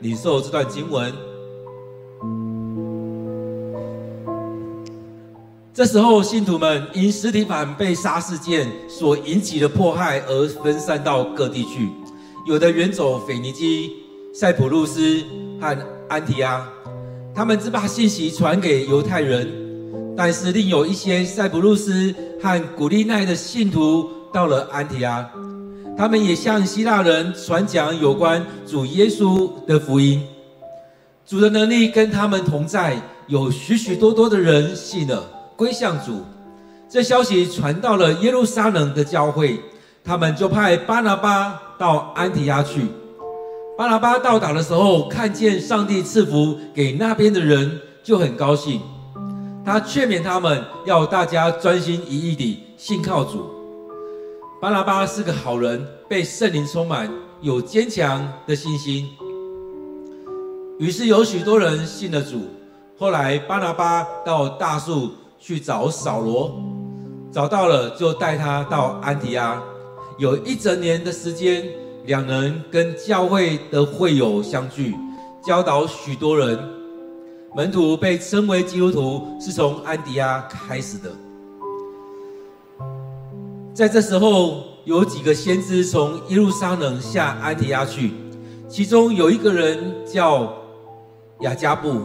領受這段經文。這時候，信徒們因司提反被殺事件所引起的迫害而分散到各地去，有的遠走腓尼基、塞浦路斯和安提阿，他們只把信息傳給猶太人；但是另有一些塞浦路斯和古利奈的信徒到了安提阿。他們也向希臘人傳講有關主耶穌的福音，主的能力跟他們同在，有許許多多的人信了，歸向主。這消息傳到了耶路撒冷的教會，他們就派巴拿巴到安提阿去。巴拿巴到達的時候，看見上帝賜福給那邊的人，就很高興。他勸勉他們，要大家專心一意地信靠主。巴拿巴是個好人，被聖靈充滿，有堅強的信心。於是有許多人信了主。後來巴拿巴到大數去找掃羅，找到了就帶他到安提阿，有一整年的時間，兩人跟教會的會友相聚，教導許多人。門徒被稱為基督徒，是從安提阿開始的。在這時候，有幾個先知從耶路撒冷下安提阿去，其中有一個人叫雅加布，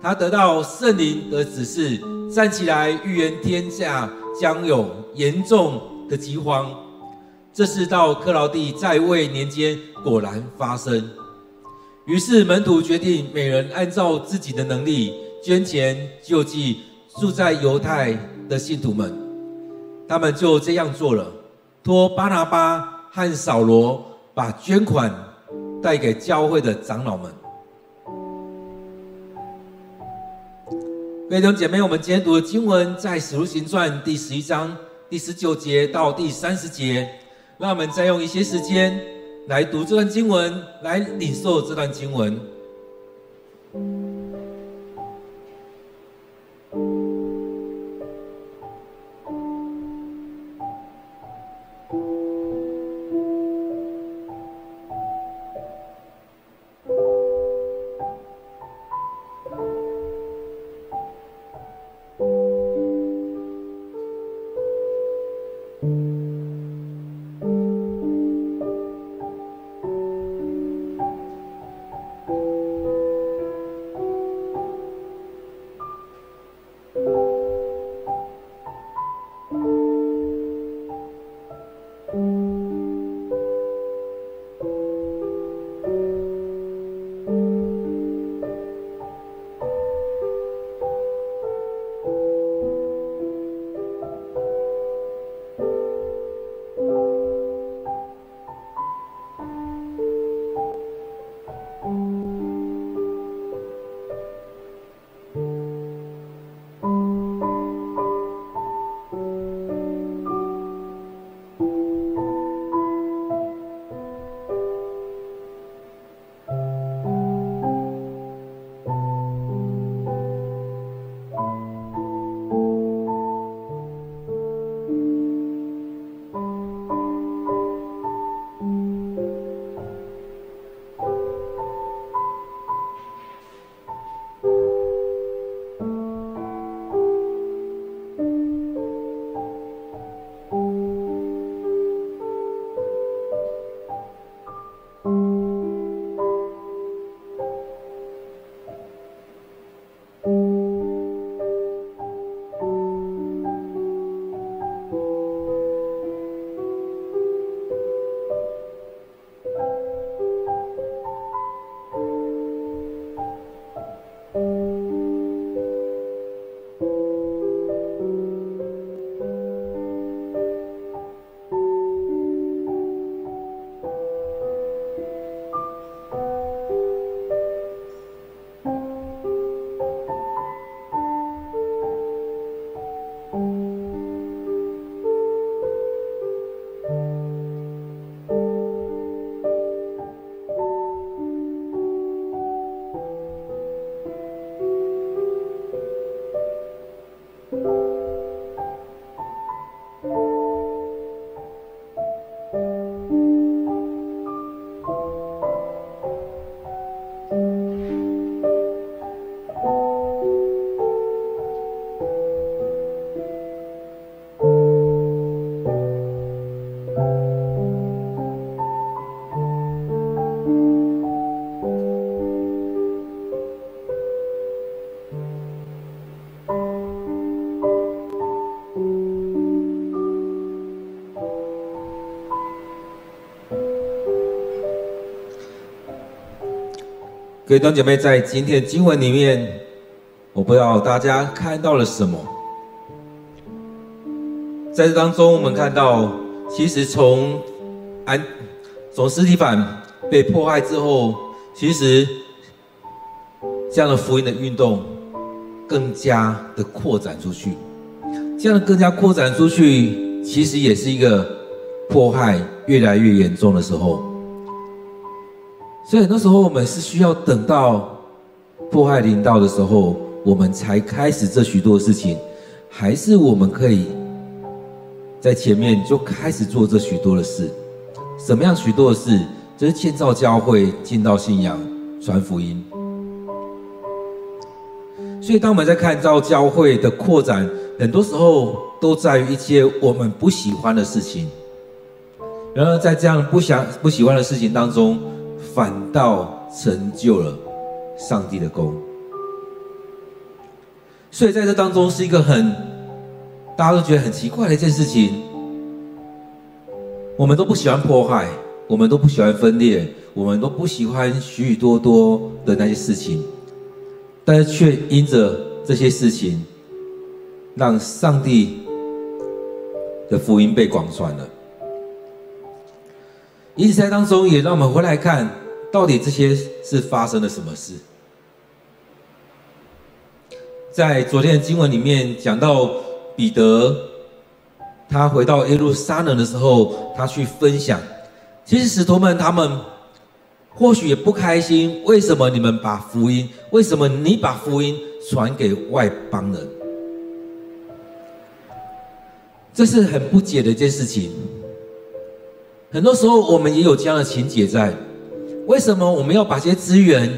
他得到聖靈的指示，站起來預言天下將有嚴重的饑荒。這事到克勞地在位年間果然發生。於是門徒決定每人按照自己的能力捐錢救濟住在猶太的信徒們。他們就這樣做了，托巴拿巴和掃羅把捐款帶給教會的長老們。各位弟兄姐妹，我們今天讀的經文在《使徒行傳》第十一章第十九節到第三十節，讓我們再用一些時間來讀這段經文，來領受這段經文。各位弟兄姐妹，在今天的經文裡面，我不知道大家看到了什麼。在這當中，我們看到，其實從安從司提反被迫害之後，其實這樣的福音的運動更加的擴展出去。這樣的更加擴展出去，其實也是一個迫害越來越嚴重的時候。所以很多時候我們是需要等到迫害臨到的時候，我們才開始這許多的事情，還是我們可以在前面就開始做這許多的事？什麼樣許多的事？就是建造教會、建造信仰、傳福音。所以當我們在看到教會的擴展，很多時候都在於一些我們不喜歡的事情。然而在這樣不想不喜歡的事情當中，反倒成就了上帝的功。所以在這當中是一個很大家都覺得很奇怪的一件事情。我們都不喜歡迫害，我們都不喜歡分裂，我們都不喜歡許許多多的那些事情，但是卻因着這些事情，讓上帝的福音被廣傳了。因此，在當中也讓我們回來看，到底這些是發生了什麼事。在昨天的經文裡面講到彼得，他回到耶路撒冷的時候，他去分享，其實使徒們他們或許也不開心，為什麼你們把福音？為什麼你把福音傳給外邦人？這是很不解的一件事情。很多時候，我們也有這樣的情結在。為什麼我們要把這些資源、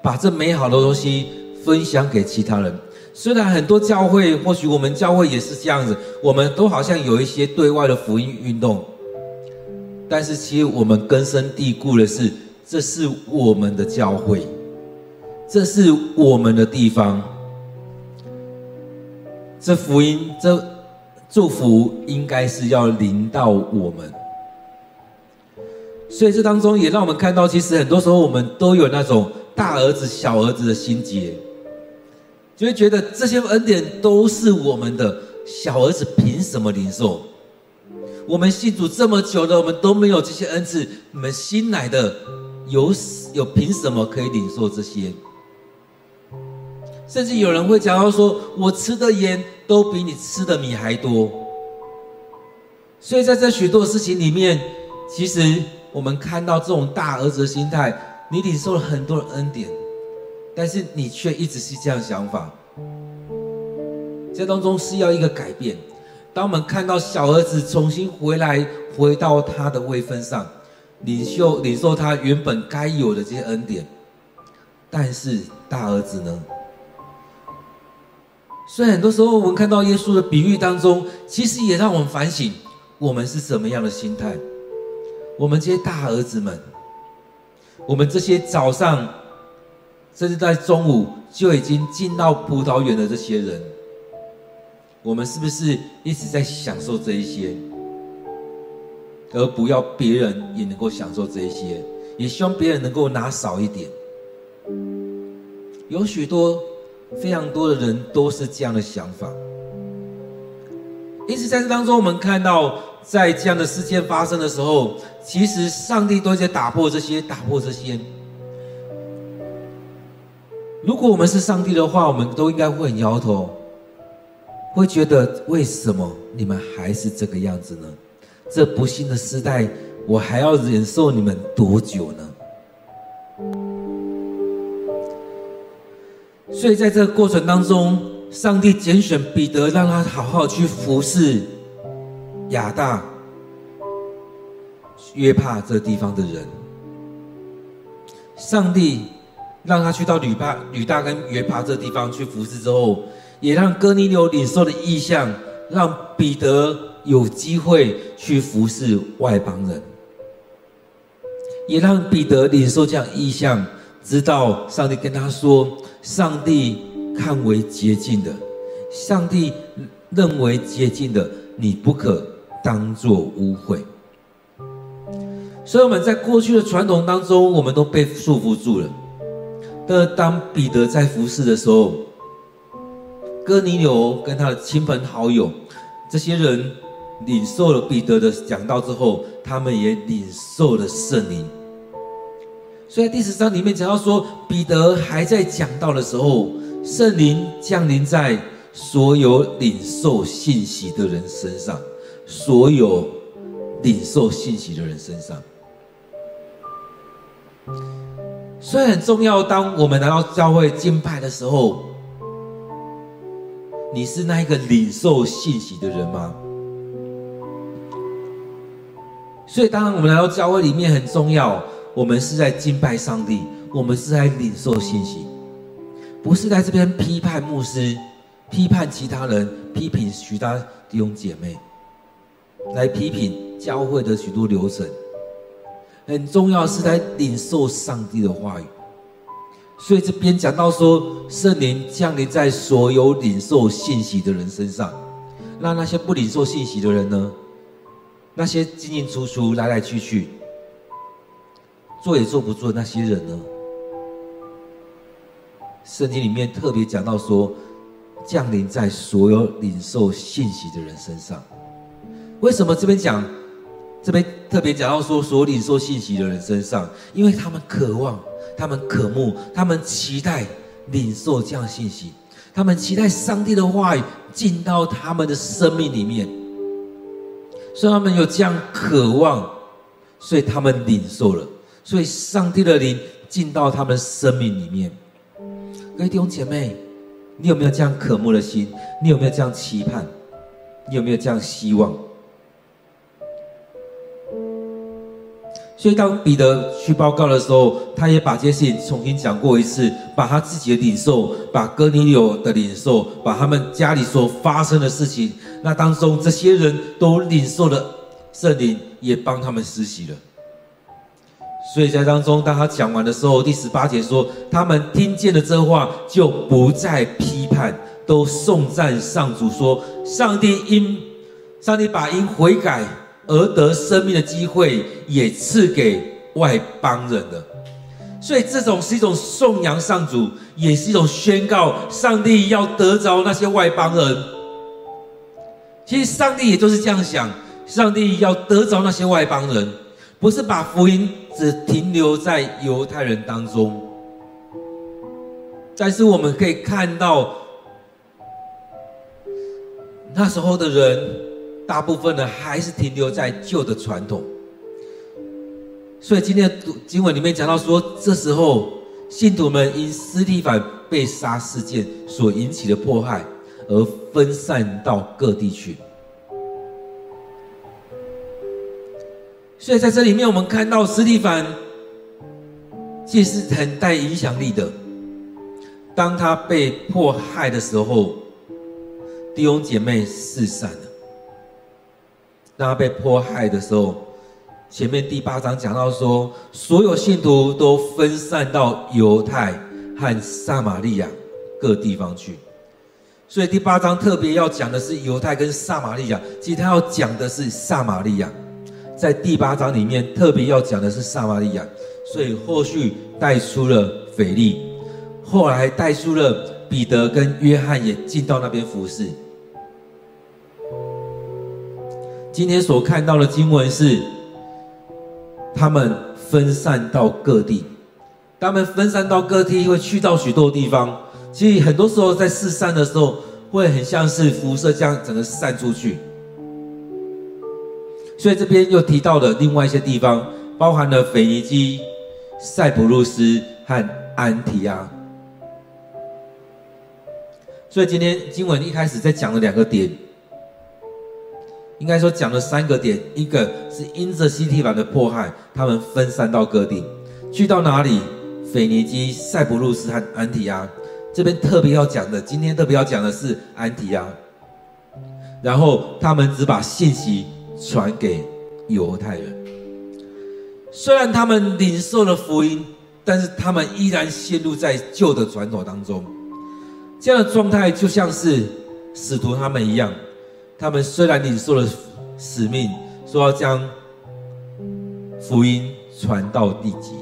把這美好的東西分享給其他人？雖然很多教會，或許我們教會也是這樣子，我們都好像有一些對外的福音運動，但是其實我們根深蒂固的是，這是我們的教會，這是我們的地方，這福音、這祝福應該是要臨到我們。所以這當中也讓我們看到，其實很多時候我們都有那種大兒子、小兒子的心結，就會覺得這些恩典都是我們的，小兒子憑什麼領受？我們信主這麼久的，我們都沒有這些恩賜，你們新來的有，有憑什麼可以領受這些？甚至有人會講到說：“我吃的鹽都比你吃的米還多。”所以在這許多事情裡面，其實。我們看到這種大兒子的心態，你領受了很多的恩典，但是你卻一直是這樣想法。這當中是要一個改變。當我們看到小兒子重新回來，回到他的位分上，領受領受他原本該有的這些恩典，但是大兒子呢？雖然很多時候我們看到耶穌的比喻當中，其實也讓我們反省，我們是怎麼樣的心態。我們這些大兒子們，我們這些早上，甚至在中午就已經進到葡萄園的這些人，我們是不是一直在享受這一些，而不要別人也能夠享受這一些，也希望別人能夠拿少一點？有許多非常多的人都是這樣的想法。因此，在這當中，我們看到，在這樣的事件發生的時候，其實上帝都在打破這些、打破這些。如果我們是上帝的話，我們都應該會很搖頭，會覺得為什麼你們還是這個樣子呢？這不幸的世代，我還要忍受你們多久呢？所以，在這個過程當中。上帝揀選彼得，讓他好好去服侍亞大、約帕這地方的人。上帝讓他去到呂大、呂大跟約帕這地方去服侍之後，也讓哥尼流領受的意向，讓彼得有機會去服侍外邦人，也讓彼得領受這樣的意向，直到上帝跟他說：“上帝。”看為潔淨的，上帝認為潔淨的，你不可當作污穢。所以我們在過去的傳統當中，我們都被束縛住了。但當彼得在服侍的時候，哥尼流跟他的親朋好友，這些人領受了彼得的講道之後，他們也領受了聖靈。所以在第十章裡面講到說，彼得還在講道的時候。聖靈降臨在所有領受信息的人身上，所有領受信息的人身上，所以很重要。當我們來到教會敬拜的時候，你是那一個領受信息的人嗎？所以，當我們來到教會裡面，很重要，我們是在敬拜上帝，我們是在領受信息。不是在這邊批判牧師，批判其他人，批評其他弟兄姐妹，來批評教會的許多流程。很重要是在領受上帝的話語。所以這邊講到說，聖靈降臨在所有領受信息的人身上。那那些不領受信息的人呢？那些進進出出、來來去去、做也做不做的那些人呢？聖經裡面特別講到說，降臨在所有領受信息的人身上。為什麼這邊講，這邊特別講到說，所有領受信息的人身上？因為他們渴望，他們渴慕，他們期待領受這樣信息，他們期待上帝的話語進到他們的生命裡面。所以他們有這樣渴望，所以他們領受了，所以上帝的靈進到他們生命裡面。各位弟兄姐妹，你有沒有這樣渴慕的心？你有沒有這樣期盼？你有沒有這樣希望？所以當彼得去報告的時候，他也把這些事情重新講過一次，把他自己的領受，把哥尼流的領受，把他們家裡所發生的事情，那當中這些人都領受了聖靈，也幫他們施洗了。所以在當中，當他講完的時候，第十八節說：“他們聽見了這話，就不再批判，都頌讚上主說：‘上帝因，上帝把因悔改而得生命的機會，也賜給外邦人了。’所以這種是一種頌揚上主，也是一種宣告上帝要得着那些外邦人。其實上帝也就是這樣想：上帝要得着那些外邦人，不是把福音。”只停留在猶太人當中，但是我們可以看到，那時候的人，大部分呢，還是停留在舊的傳統。所以今天的讀經文裡面講到說，這時候信徒們因司提反被殺事件所引起的迫害，而分散到各地去所以在這裡面，我們看到斯蒂凡，其實是很帶影響力的。當他被迫害的時候，弟兄姐妹四散了。當他被迫害的時候，前面第八章講到說，所有信徒都分散到猶太和撒瑪利亞各地方去。所以第八章特別要講的是猶太跟撒瑪利亞，其實他要講的是撒瑪利亞。在第八章裡面特別要講的是撒瑪利亞，所以後續帶出了腓力，後來帶出了彼得跟約翰也進到那邊服侍。今天所看到的經文是，他們分散到各地，他們分散到各地會去到許多地方，其實很多時候在四散的時候會很像是輻射將整個散出去。所以這邊又提到了另外一些地方，包含了腓尼基、塞浦路斯和安提阿。所以今天經文一開始在講了兩個點，應該說講了三個點，一個是因着司提反的迫害，他們分散到各地，去到哪裡？腓尼基、塞浦路斯和安提阿。這邊特別要講的，今天特別要講的是安提阿，然後他們只把信息。傳給猶太人，雖然他們領受了福音，但是他們依然陷入在舊的傳統當中。這樣的狀態就像是使徒他們一樣，他們雖然領受了使命，說要將福音傳到地極，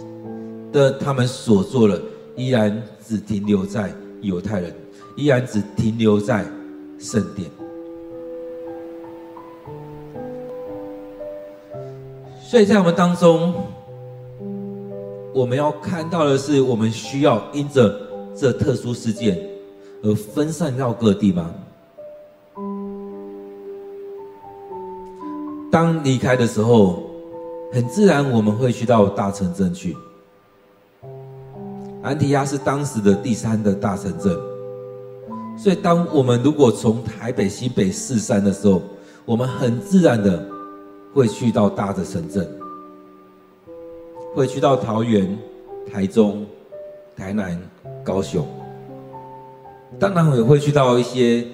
但他們所做的依然只停留在猶太人，依然只停留在聖殿。所以在我們當中，我們要看到的是，我們需要因着這特殊事件而分散到各地嗎？當離開的時候，很自然我們會去到大城鎮去。安提亞是當時的第三的大城鎮，所以當我們如果從台北西北四散的時候，我們很自然的。會去到大的城鎮，會去到桃園、台中、台南、高雄。當然，我也會去到一些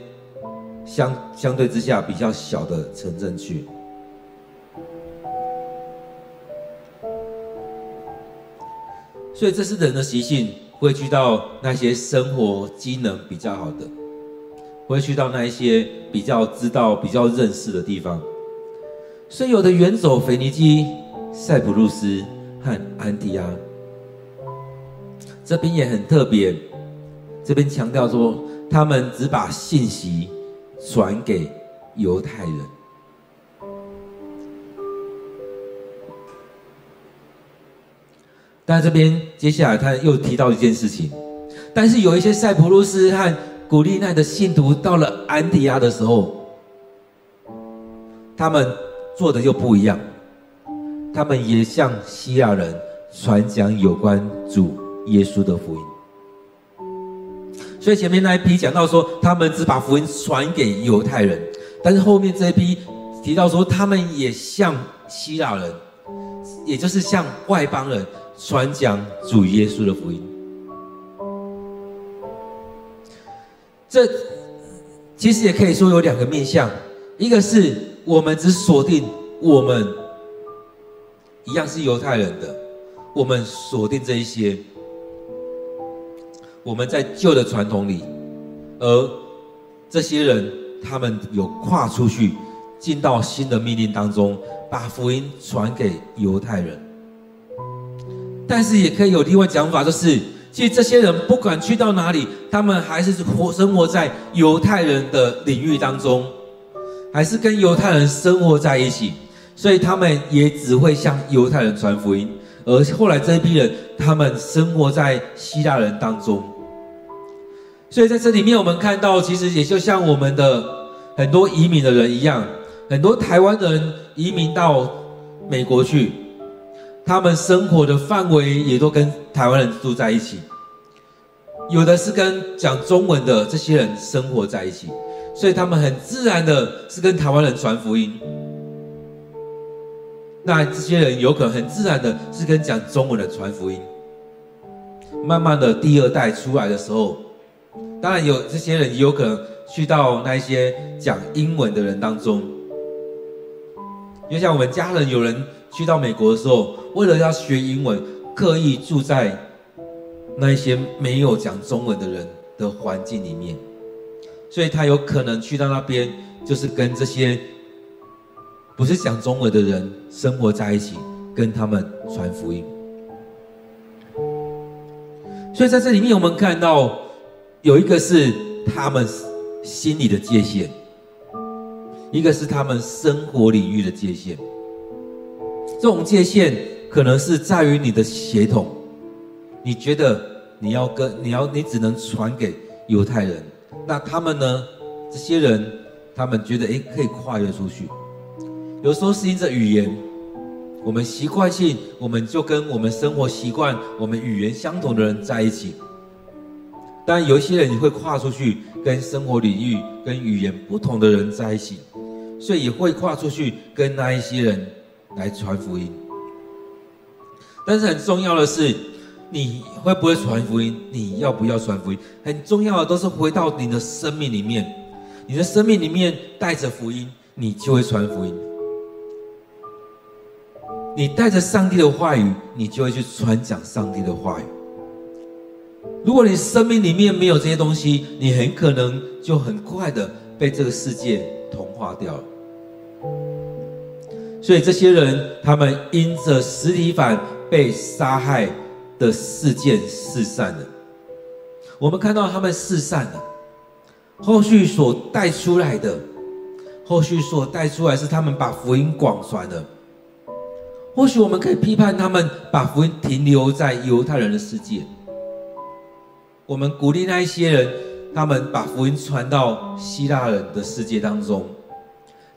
相相對之下比較小的城鎮去。所以這是人的習性，會去到那些生活機能比較好的，會去到那一些比較知道、比較認識的地方。所以有的遠走腓尼基、塞浦路斯和安提阿，這邊也很特別，這邊強調說他們只把信息傳給猶太人。但這邊接下來他又提到一件事情，但是有一些塞浦路斯和古利奈的信徒到了安提阿的時候，他們。做的又不一樣，他們也向希臘人傳講有關主耶穌的福音。所以前面那一批講到說，他們只把福音傳給猶太人，但是後面這一批提到說，他們也向希臘人，也就是向外邦人傳講主耶穌的福音。這其實也可以說有兩個面向。一個是我們只鎖定我們一樣是猶太人的，我們鎖定這一些，我們在舊的傳統裡，而這些人他們有跨出去進到新的命令當中，把福音傳給猶太人。但是也可以有另外講法，就是其實這些人不管去到哪裡，他們還是活生活在猶太人的領域當中。還是跟猶太人生活在一起，所以他們也只會向猶太人傳福音。而後來這一批人，他們生活在希臘人當中，所以在這裡面，我們看到其實也就像我們的很多移民的人一樣，很多台灣人移民到美國去，他們生活的範圍也都跟台灣人住在一起，有的是跟講中文的這些人生活在一起。所以他們很自然的是跟台灣人傳福音，那這些人有可能很自然的是跟講中文的傳福音。慢慢的，第二代出來的時候，當然有這些人也有可能去到那些講英文的人當中。就像我們家人有人去到美國的時候，為了要學英文，刻意住在那一些沒有講中文的人的環境裡面。所以他有可能去到那邊，就是跟這些不是講中文的人生活在一起，跟他們傳福音。所以在這裡面，我們看到有一個是他們心理的界限，一個是他們生活領域的界限。這種界限可能是在於你的血統，你覺得你要跟你要你只能傳給猶太人。那他們呢？這些人，他們覺得，誒可以跨越出去。有時候是因着語言，我們習慣性，我們就跟我們生活習慣、我們語言相同的人在一起。但有一些人也會跨出去，跟生活領域、跟語言不同的人在一起，所以也會跨出去跟那一些人來傳福音。但是很重要的是，你會不會傳福音？你要不要傳福音？很重要的都是回到你的生命裡面，你的生命裡面帶着福音，你就會傳福音。你帶着上帝的話語，你就會去傳講上帝的話語。如果你生命裡面沒有這些東西，你很可能就很快的被這個世界同化掉了。所以這些人，他們因着司提反被殺害。的事件四散了，我們看到他們四散了，後續所帶出來的，後續所帶出來是他們把福音廣傳了。或許我們可以批判他們把福音停留在猶太人的世界，我們鼓勵那一些人，他們把福音傳到希臘人的世界當中，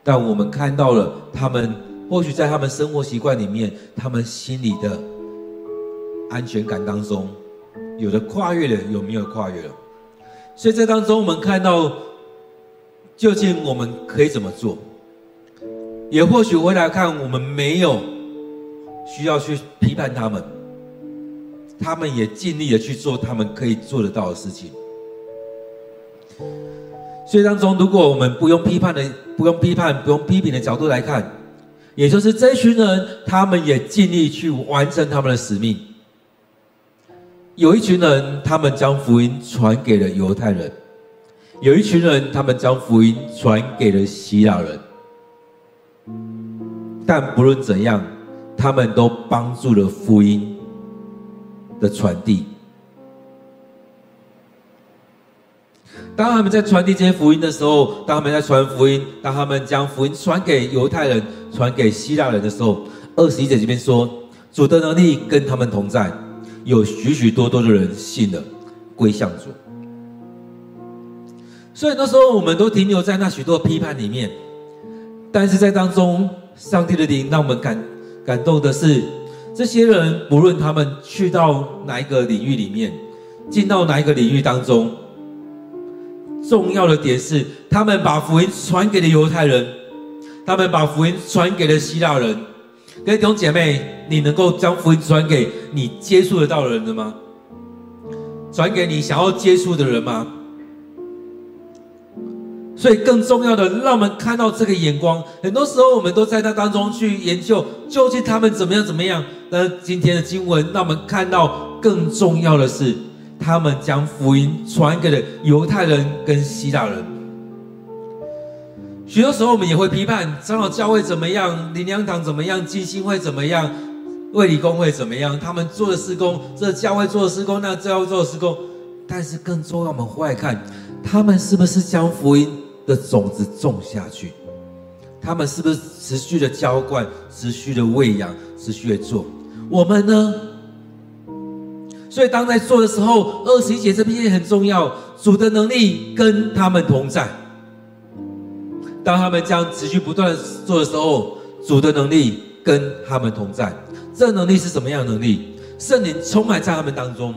但我們看到了他們，或許在他們生活習慣裡面，他們心裡的。安全感當中，有的跨越了，有沒有跨越了？所以這當中，我們看到，究竟我們可以怎麼做？也或許回來看，我們沒有需要去批判他們，他們也盡力的去做他們可以做得到的事情。所以當中，如果我們不用批判的、不用批判、不用批評的角度來看，也就是這群人，他們也盡力去完成他們的使命。有一群人，他們將福音傳給了猶太人；有一群人，他們將福音傳給了希臘人。但不論怎樣，他們都幫助了福音的傳遞。當他們在傳遞這些福音的時候，當他們在傳福音，當他們將福音傳給猶太人、傳給希臘人的時候，二十一節這邊說：“主的能力跟他們同在。”有許許多多的人信了，歸向主。所以那時候我們都停留在那許多批判裡面，但是在當中，上帝的靈讓我們感感動的是，這些人不論他們去到哪一個領域裡面，進到哪一個領域當中，重要的點是，他們把福音傳給了猶太人，他們把福音傳給了希臘人。各位弟兄姐妹，你能夠將福音傳給你接觸得到的人的嗎？傳給你想要接觸的人嗎？所以更重要的，讓我們看到這個眼光。很多時候我們都在他當中去研究究竟他們怎麼樣怎麼樣。那今天的經文，讓我們看到更重要的是，他們將福音傳給了猶太人跟希臘人。許多時候我們也會批判長老教會怎麼樣，靈糧堂怎麼樣，浸信會怎麼樣，衛理公會怎麼樣？他們做的事工，這個、教會做的事工，那個、教會做的事工。但是更重要，我們會看他們是不是將福音的種子種下去，他們是不是持續的澆灌，持續的餵養，持續的做。我們呢？所以當在做的時候，二十一節這邊也很重要。主的能力跟他們同在。當他們這樣持續不斷做的時候，主的能力跟他們同在。這能力是什麼樣的能力？聖靈充滿在他們當中。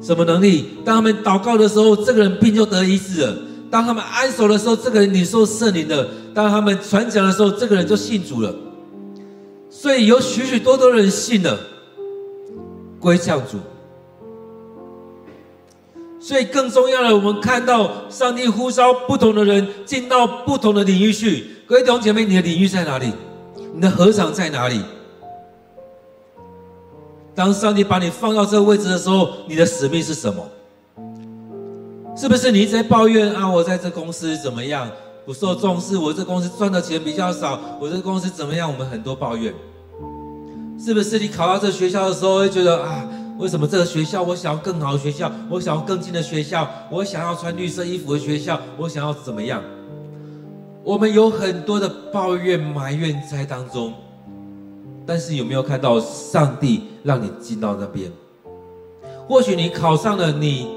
什麼能力？當他們禱告的時候，這個人病就得醫治了；當他們安守的時候，這個人領受聖靈了；當他們傳講的時候，這個人就信主了。所以有許許多多人信了，歸向主。所以，更重要的，我們看到上帝呼召不同的人進到不同的領域去。各位弟兄姐妹，你的領域在哪裡？你的禾場在哪裡？當上帝把你放到這個位置的時候，你的使命是什麼？是不是你一直在抱怨啊？我在這公司怎麼樣？不受重視？我這公司賺的錢比較少？我這公司怎麼樣？我們很多抱怨。是不是你考到這學校的時候，會覺得啊？為什麼這個學校？我想要更好的學校，我想要更近的學校，我想要穿綠色衣服的學校，我想要怎麼樣？我們有很多的抱怨、埋怨在當中，但是有沒有看到上帝讓你進到那邊？或許你考上了你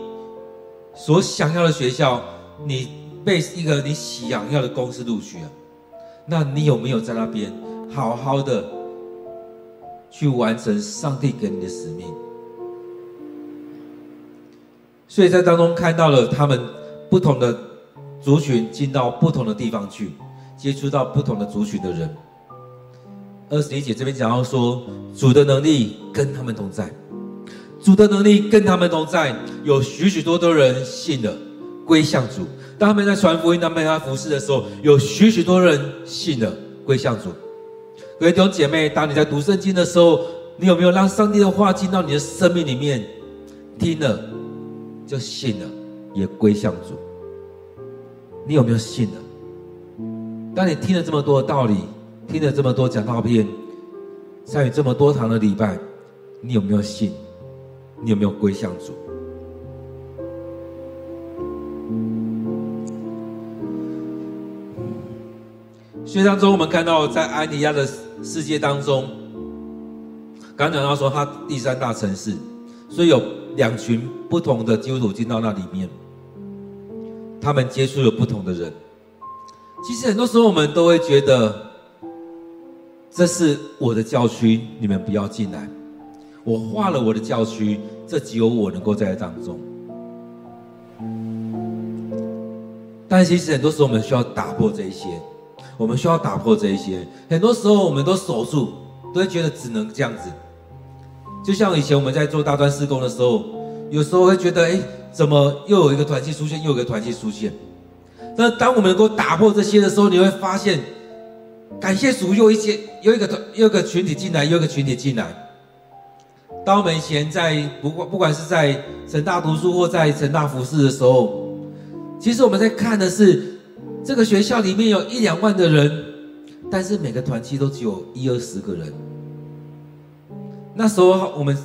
所想要的學校，你被一個你想要的公司錄取了，那你有沒有在那邊好好的去完成上帝給你的使命？所以在當中看到了他們不同的族群進到不同的地方去，接觸到不同的族群的人。二十一節這邊講到說，主的能力跟他們同在，主的能力跟他們同在，有許許多多人信了歸向主。當他們在傳福音、當他們來服事的時候，有許許多多人信了歸向主。各位弟兄姐妹，當你在讀聖經的時候，你有沒有讓上帝的話進到你的生命裡面聽了？就信了，也歸向主。你有沒有信了？當你聽了這麼多的道理，聽了這麼多講道片，參與這麼多堂的禮拜，你有沒有信？你有沒有歸向主？所以當中我們看到，在安提阿的世界當中，剛講到說他第三大城市，所以有。兩群不同的基督徒進到那裡面，他們接觸了不同的人。其實很多時候我們都會覺得，這是我的教區，你們不要進來。我畫了我的教區，這只有我能夠在當中。但是其實很多時候我們需要打破這一些，我們需要打破這一些。很多時候我們都守住，都會覺得只能這樣子。就像以前我們在做大專事工的時候，有時候會覺得，哎，怎麼又有一個團契出現，又有一個團契出現？那當我們能夠打破這些的時候，你會發現，感謝主又一些，又一個團，又一個群體進來，又一個群體進來。當我們以前在不不管是在成大讀書或在成大服事的時候，其實我們在看的是這個學校裡面有一兩萬的人，但是每個團契都只有一二十個人。那時候我們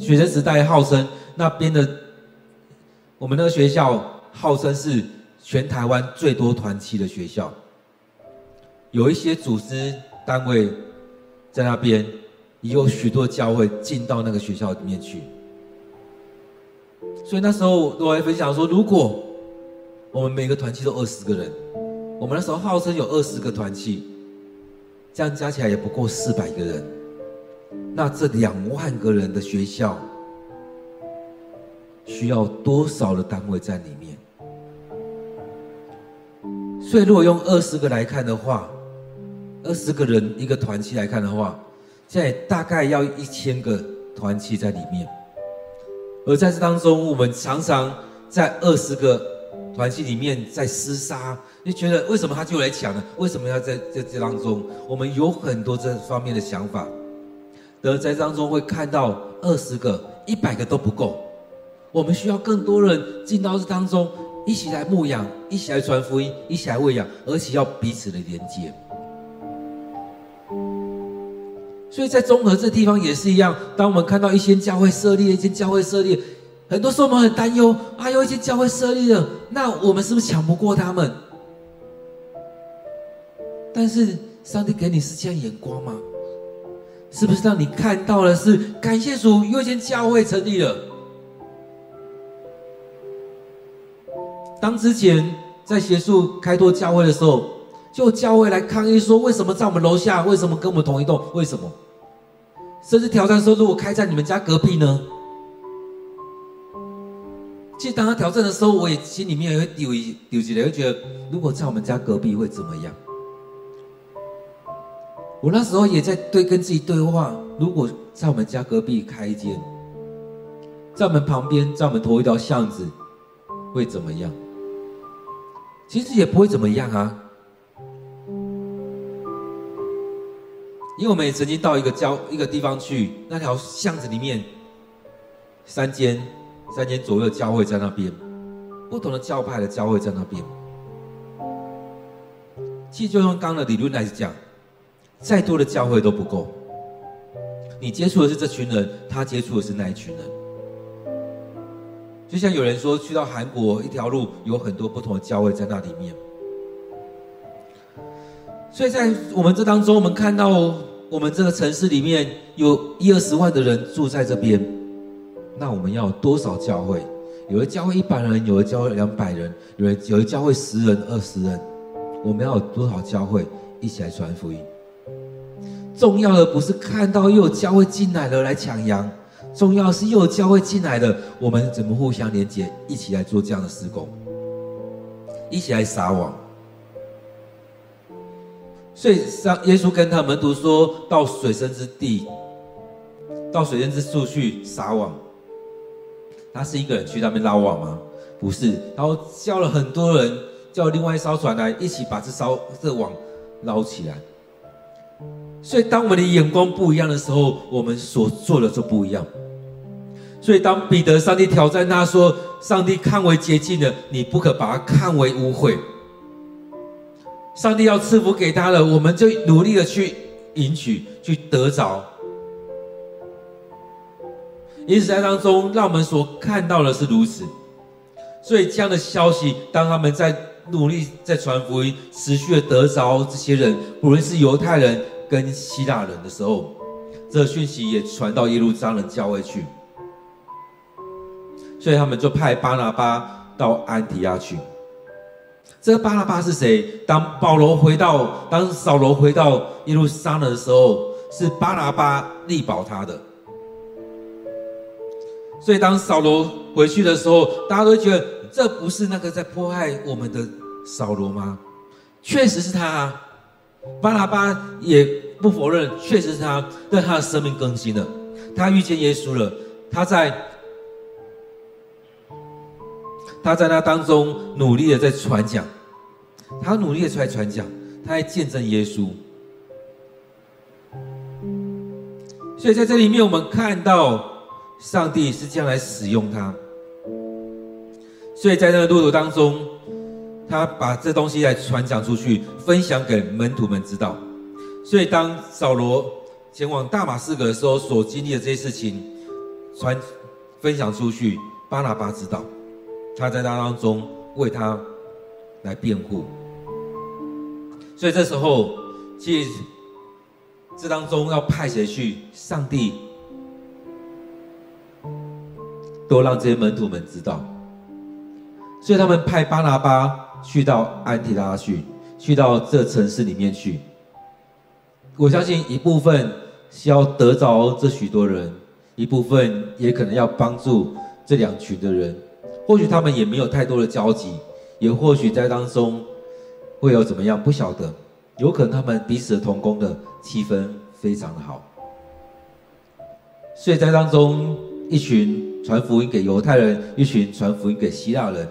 學生時代號稱那邊的，我們那個學校號稱是全台灣最多團契的學校。有一些組織單位在那邊，也有許多教會進到那個學校裡面去。所以那時候我都來分享說，如果我們每個團契都二十個人，我們那時候號稱有二十個團契，這樣加起來也不過四百個人。那這兩萬個人的學校需要多少的單位在裡面？所以如果用二十個來看的話，二十個人一個團契來看的話，現在大概要一千個團契在裡面。而在這當中，我們常常在二十個團契裡面在廝殺，你覺得為什麼他就來搶呢？為什麼要在在這當中？我們有很多這方面的想法。在當中會看到二十個、一百個都不夠，我們需要更多人進到這當中，一起來牧養，一起來傳福音，一起來餵養，而且要彼此的連接。所以在綜合這地方也是一樣，當我們看到一些教會設立、一些教會設立，很多時候我們很擔憂，啊，有一些教會設立了，那我們是不是搶不過他們？但是上帝給你是這樣眼光嗎？是不是讓你看到的是感謝主，又一間教會成立了？當之前在協助開拓教會的時候，就有教會來抗議說：“為什麼在我們樓下？為什麼跟我們同一棟？為什麼？”甚至挑戰說：“如果開在你們家隔壁呢？”其實當他挑戰的時候，我也心裡面也會丟一丟起來，會覺得如果在我們家隔壁會怎麼樣？我那時候也在對跟自己對話：如果在我們家隔壁開一間，在我們旁邊，在我們頭一條巷子，會怎麼樣？其實也不會怎麼樣啊，因為我們也曾經到一個教、一個地方去，那條巷子裡面，三間三間左右的教會在那邊，不同的教派的教會在那邊。其實，就用剛剛的理論來講。再多的教會都不夠。你接觸的是這群人，他接觸的是那一群人。就像有人說，去到韓國一條路有很多不同的教會在那裡面。所以在我們這當中，我們看到我們這個城市裡面有一二十萬的人住在這邊，那我們要有多少教會？有的教會一百人，有的教會兩百人，有的有的教會十人、二十人，我們要有多少教會一起來傳福音？重要的不是看到又有教會進來了來搶羊，重要是又有教會進來了，我們怎麼互相連接，一起來做這樣的事工，一起來撒網。所以，上耶穌跟他門徒說到水深之地，到水深之處去撒網。他是一個人去那邊撈網嗎？不是，然後叫了很多人，叫另外一艘船來一起把這艘這網撈起來。所以，當我們的眼光不一樣的時候，我們所做的就不一樣。所以，當彼得上帝挑戰他說：“上帝看為潔淨的，你不可把他看為污穢。”上帝要賜福給他了，我們就努力的去贏取，去得着。因此在當中，讓我們所看到的是如此。所以，這樣的消息，當他們在努力在傳福音，持續的得着這些人，不論是猶太人。跟希臘人的時候，這個訊息也傳到耶路撒冷教會去，所以他們就派巴拿巴到安提亞去。這個巴拿巴是誰？當保羅回到，當掃羅回到耶路撒冷的時候，是巴拿巴力保他的。所以當掃羅回去的時候，大家都覺得這不是那個在迫害我們的掃羅嗎？確實是他啊，巴拿巴也。不否認，確實是他，對他的生命更新了。他遇見耶穌了，他在他在那當中努力的在傳講，他努力的出來傳講，他在見證耶穌。所以在這裡面，我們看到上帝是這樣來使用他。所以在那個路途當中，他把這東西來傳講出去，分享給門徒們知道。所以，當掃羅前往大馬士革的時候，所經歷的這些事情傳分享出去，巴拿巴知道，他在他當中為他來辯護。所以這時候，其實這當中要派誰去？上帝都讓這些門徒們知道。所以他們派巴拿巴去到安提阿去，去到這城市裡面去。我相信一部分是要得着這許多人，一部分也可能要幫助這兩群的人。或許他們也沒有太多的交集，也或許在當中會有怎麼樣，不曉得。有可能他們彼此同工的氣氛非常好。所以在當中，一群傳福音給猶太人，一群傳福音給希臘人。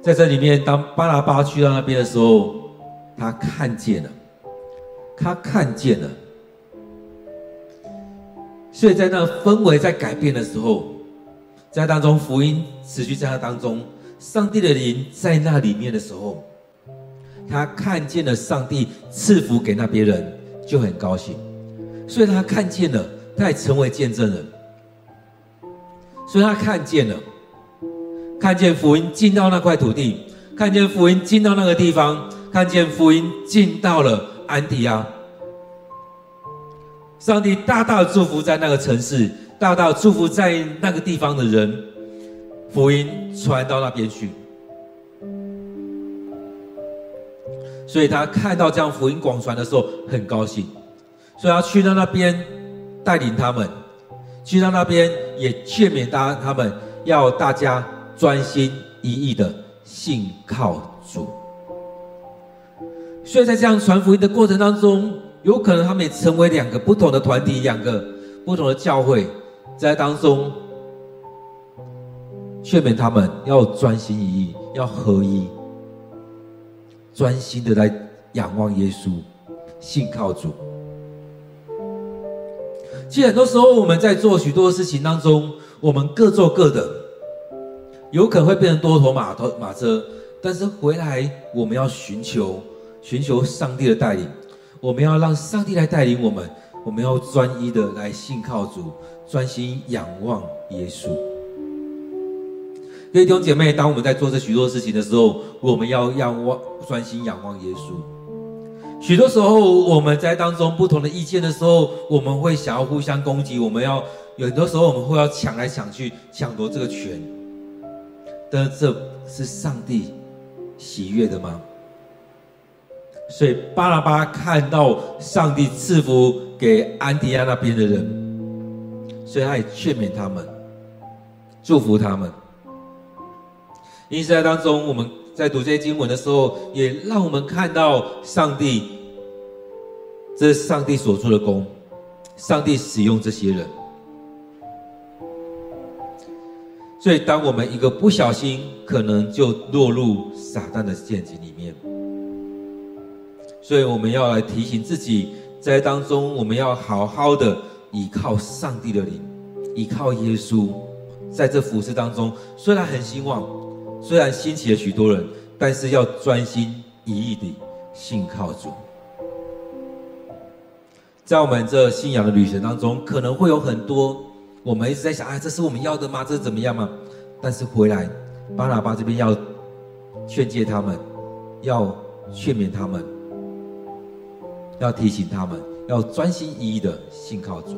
在這裡面，當巴拿巴去到那邊的時候，他看見了。他看見了，所以在那氛圍在改變的時候，在當中福音持續在他當中，上帝的靈在那裡面的時候，他看見了上帝賜福給那邊人，就很高興。所以，他看見了，他也成為見證人。所以，他看見了，看見福音進到那塊土地，看見福音進到那個地方，看見福音進到了。安提阿，上帝大大的祝福在那個城市，大大的祝福在那個地方的人，福音傳到那邊去。所以他看到這樣福音廣傳的時候，很高興，所以他去到那邊帶領他們，去到那邊也勸勉他他們，要大家專心一意的信靠主。所以在這樣傳福音的過程當中，有可能他們也成為兩個不同的團體，兩個不同的教會，在當中勸勉他們要專心一意，要合一，專心的來仰望耶穌，信靠主。其實很多時候我們在做許多事情當中，我們各做各的，有可能會變成多頭馬頭馬車，但是回來我們要尋求。尋求上帝的帶領，我們要讓上帝來帶領我們，我們要專一的來信靠主，專心仰望耶穌。各位弟兄姐妹，當我們在做這許多事情的時候，我們要仰望、專心仰望耶穌。許多時候，我們在當中不同的意見的時候，我們會想要互相攻擊；我們要有很多時候，我們會要搶來搶去，搶奪這個權。但這是上帝喜悅的嗎？所以巴拉巴看到上帝賜福給安提阿那邊的人，所以他也勸勉他們，祝福他們。因此，在當中我們在讀這些經文的時候，也讓我們看到上帝，這是上帝所做的工，上帝使用這些人。所以，當我們一個不小心，可能就落入撒旦的陷阱裡面。所以我們要來提醒自己，在當中我們要好好的倚靠上帝的靈，倚靠耶穌。在這服事當中，雖然很興旺，雖然興起了許多人，但是要專心一意的信靠主。在我們這信仰的旅程當中，可能會有很多我們一直在想：啊，這是我們要的嗎？這是怎麼樣嗎？但是回來巴拿巴這邊要勸誡他們，要勸勉他們。要提醒他們要專心一意的信靠主，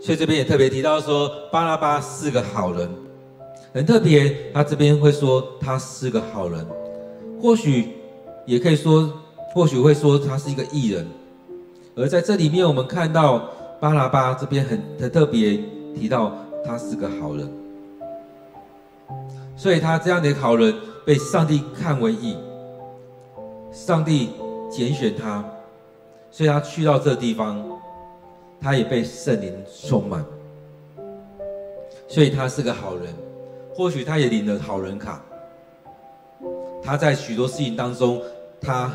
所以這邊也特別提到說巴拉巴是個好人，很特別，他這邊會說他是個好人，或許也可以說，或許會說他是一個義人。而在這裡面我們看到巴拉巴這邊很很特別提到他是個好人，所以他這樣的好人被上帝看為義。上帝揀選他，所以他去到這個地方，他也被聖靈充滿，所以他是個好人。或許他也領了好人卡。他在許多事情當中，他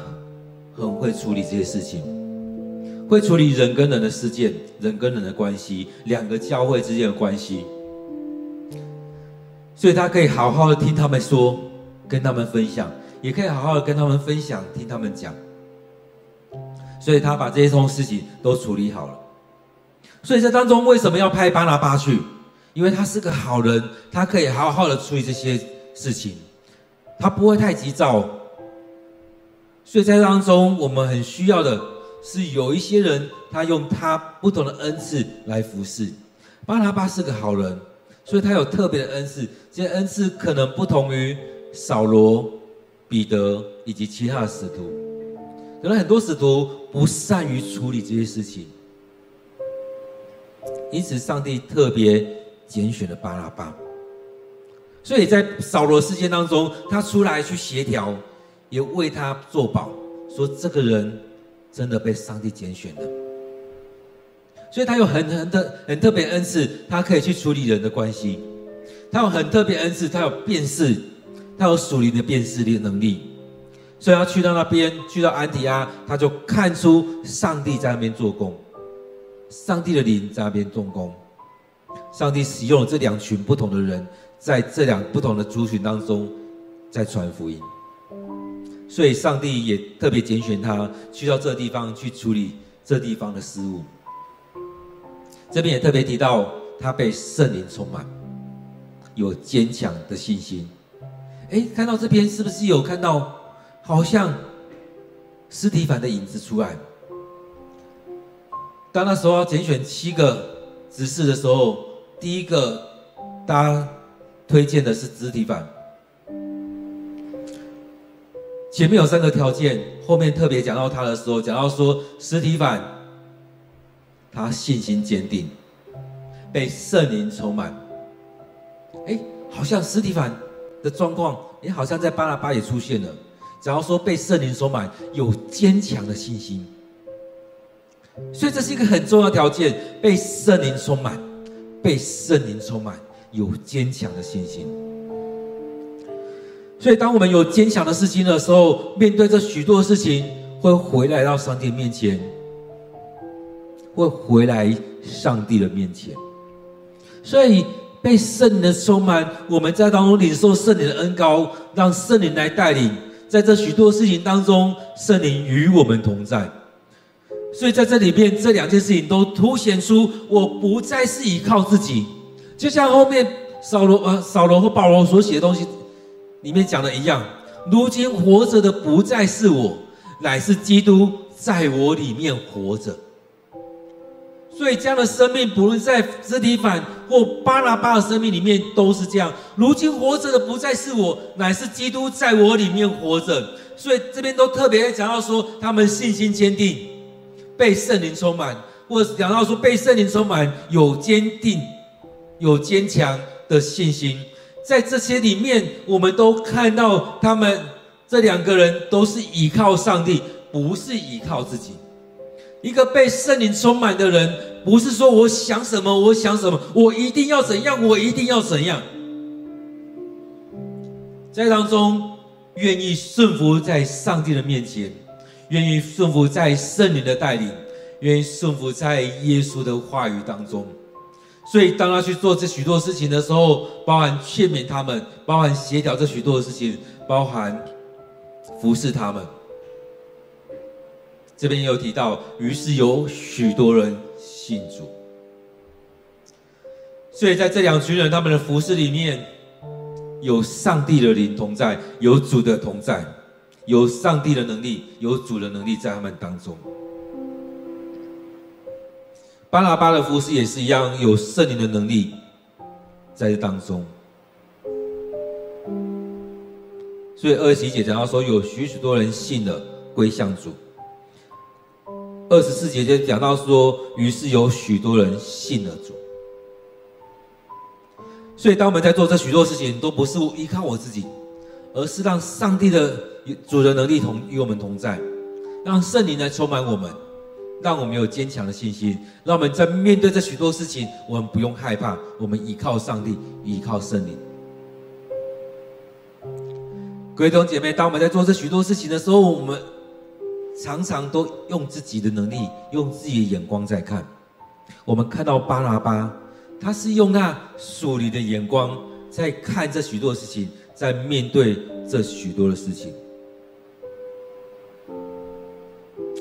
很會處理這些事情，會處理人跟人的事件、人跟人的關係、兩個教會之間的關係，所以他可以好好的聽他們說，跟他們分享。也可以好好的跟他們分享，聽他們講。所以他把這些事情都處理好了。所以在當中為什麼要派巴拿巴去？因為他是個好人，他可以好好的處理這些事情，他不會太急躁。所以在當中，我們很需要的是有一些人，他用他不同的恩賜來服侍。巴拿巴是個好人，所以他有特別的恩賜。這些恩賜可能不同於掃羅。彼得以及其他的使徒，可能很多使徒不善於處理這些事情，因此上帝特別揀選了巴拿巴。所以在掃羅事件當中，他出來去協調，也為他作保，說這個人真的被上帝揀選了。所以他有很很特很特別恩賜，他可以去處理人的關係；他有很特別恩賜，他有辨識。他有屬靈的辨識力的能力，所以他去到那邊，去到安提阿，他就看出上帝在那邊做工，上帝的靈在那邊做工，上帝使用了這兩群不同的人，在這兩不同的族群當中，在傳福音。所以，上帝也特別揀選他去到這地方去處理這地方的事務。這邊也特別提到，他被聖靈充滿，有堅強的信心。哎，看到這邊是不是有看到，好像，司提反的影子出來？當那時候要揀選七個執事的時候，第一個大家推薦的是司提反。前面有三個條件，後面特別講到他的時候，講到說司提反，他信心堅定，被聖靈充滿。哎，好像司提反。的狀況也好像在巴拉巴也出現了。只要說被聖靈充滿，有堅強的信心，所以這是一個很重要條件：被聖靈充滿，被聖靈充滿，有堅強的信心。所以，當我們有堅強的事情的時候，面對這許多的事情，會回來到上帝的面前，會回來上帝的面前。所以。被聖靈的充滿，我們在當中領受聖靈的恩膏，讓聖靈來帶領，在這許多事情當中，聖靈與我們同在。所以在這裡面，這兩件事情都凸顯出，我不再是依靠自己，就像後面掃羅呃掃羅和保羅所寫的東西裡面講的一樣，如今活着的不再是我，乃是基督在我裡面活着。所以，這樣的生命，不論在司提反或巴拿巴的生命裡面，都是這樣。如今活着的不再是我，乃是基督在我裡面活着。所以，這邊都特別講到說，他們信心堅定，被聖靈充滿，或者講到說被聖靈充滿，有堅定、有堅強的信心。在這些裡面，我們都看到他們這兩個人都是倚靠上帝，不是依靠自己。一個被聖靈充滿的人，不是說我想什麼我想什麼，我一定要怎樣我一定要怎樣，在當中願意順服在上帝的面前，願意順服在聖靈的帶領，願意順服在耶穌的話語當中。所以，當他去做這許多事情的時候，包含勸勉他們，包含協調這許多的事情，包含服侍他們。這邊又提到，於是有許多人信主。所以在這兩群人他們的服侍裡面，有上帝的靈同在，有主的同在，有上帝的能力，有主的能力在他們當中。巴拿巴的服侍也是一樣，有聖靈的能力在這當中。所以二喜姐講到說，有許許多人信了歸向主。二十四節就講到說，於是有許多人信了主。所以，當我們在做這許多事情，都不是依靠我自己，而是讓上帝的主人能力同與我們同在，讓聖靈來充滿我們，讓我們有堅強的信心，讓我們在面對這許多事情，我們不用害怕，我們依靠上帝，依靠聖靈。弟兄姐妹，當我們在做這許多事情的時候，我們。常常都用自己的能力，用自己的眼光在看。我們看到巴拿巴，他是用那屬靈的眼光在看這許多事情，在面對這許多的事情，